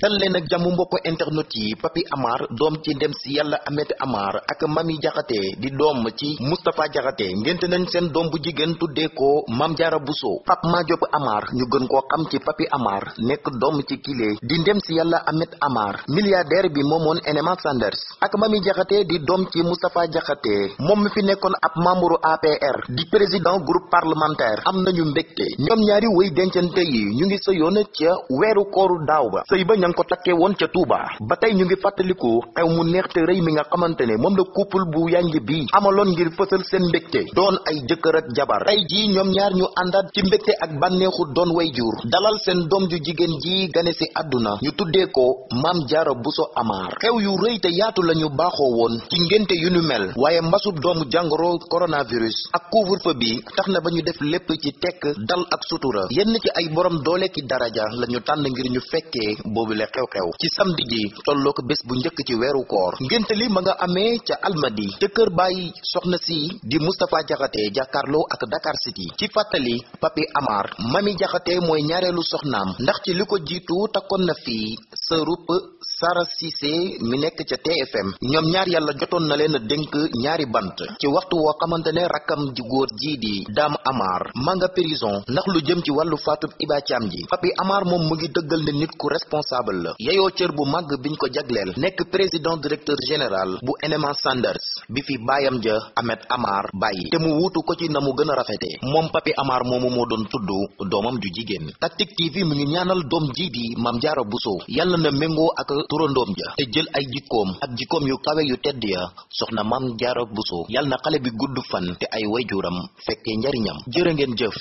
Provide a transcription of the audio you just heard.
dal leen ak jàmm mbokk internet yi Papi Amar doom ci dem si yàlla Ameth Amar ak Mami jaxatee di doom ci Moustapha Jaxate ngénte nañ seen doom bu jigéen tuddee ko Mame Diarra Bousso ma Madiop Amar ñu gën koo xam ci Papi Amar nekk doom ci kile di dem si yàlla Ameth Amar milliardaire bi moomoon NMA Sanders ak Mami Jaxate di doom ci Moustapha Jaxate moom mi fi nekkoon ab membre APR di président groupe parlementaire am na ñu mbégte ñoom ñaari wëy dencante yi ñu ngi sëyoon ca weeru kooru daaw ña ngi ko takkee woon ca Touba ba tey ñu ngi fàttaliku xew mu neex te mi nga xamante ne moom la couple bu yànj bi amaloon ngir fësal seen mbégte doon ay jëkkër ak jabar tey jii ñoom ñaar ñu àndaat ci mbégte ak bànneexu doon way jur dalal seen doom ju jigéen ji gane si àdduna ñu tuddee ko Maam Jaara Buso Amar xew yu rëy te yaatu la ñu baaxoo woon ci ngénte yu nu mel waaye mbasub doomu jàngoro coronavirus ak couvre-feu bi tax na ba ñu def lépp ci tekk dal ak sutura yenn ci ay borom doole ki daraja la ñu tànn ngir ñu fekkee boobu yooyu la xew-xew ci samedi ji tolloo ko bés bu njëkk ci weeru koor ngénte li ma nga amee ca almadi te kër bàyyi soxna si di Moustapha jaxatee jàkkaarloo ak Dakar City ci fàttali Papi Amar Mami Jaxate mooy ñaareelu soxnaam ndax ci li ko jiitu takkoon na fii sërub Sara Cissé mi nekk ca TFM ñoom ñaar yàlla jotoon na leen a dénk ñaari bant ci waxtu woo xamante ne rakkam ji góor jii di prison ndax lu jëm ci wàllu faatub Iba ji Papi Amar moom mu ngi honorable la yeyoo cër bu màgg biñ ko jagleel nekk président directeur général bu NMA Sanders bi fi baayam ja Ahmed Amar bàyyi te mu wuutu ko ci na mu gën a rafetee moom Papi Amar moomu moo doon tudd doomam ju jigéen Tactic TV mu ngi ñaanal doom ji di jaaro bu soow yàlla na méngoo ak turandoom ja te jël ay jikkoom ak jikkoom yu kawe yu tedd ya soxna jaaro bu soow yàlla na xale bi gudd fan te ay juram fekkee njariñam jërë ngeen jëf